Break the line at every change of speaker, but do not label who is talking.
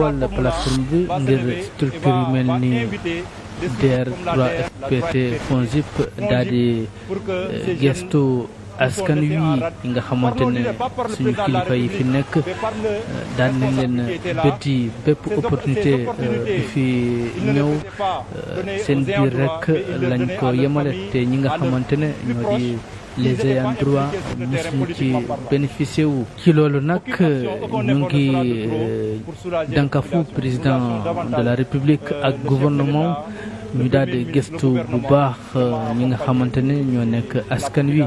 taxawal na plateforme bi ngir structure yu mel ni dr
fpt FONGIP daal di eh, gestu askan wi nga xamante ne suñu kilifa yi fi nekk eh, daan nañ leen
bépp opportunité eh, bi fi ñëw seen biir rek lañ ko yemale te ñi nga xamante ne ñoo di. les ayants droit mosu ci bénéficié wu. ci loolu nag euh, ñu ngi euh, dankafu président de la république euh, ak gouvernement ñu daal di gëstu
bu baax
ñi nga xamante ne ñoo nekk askan wi.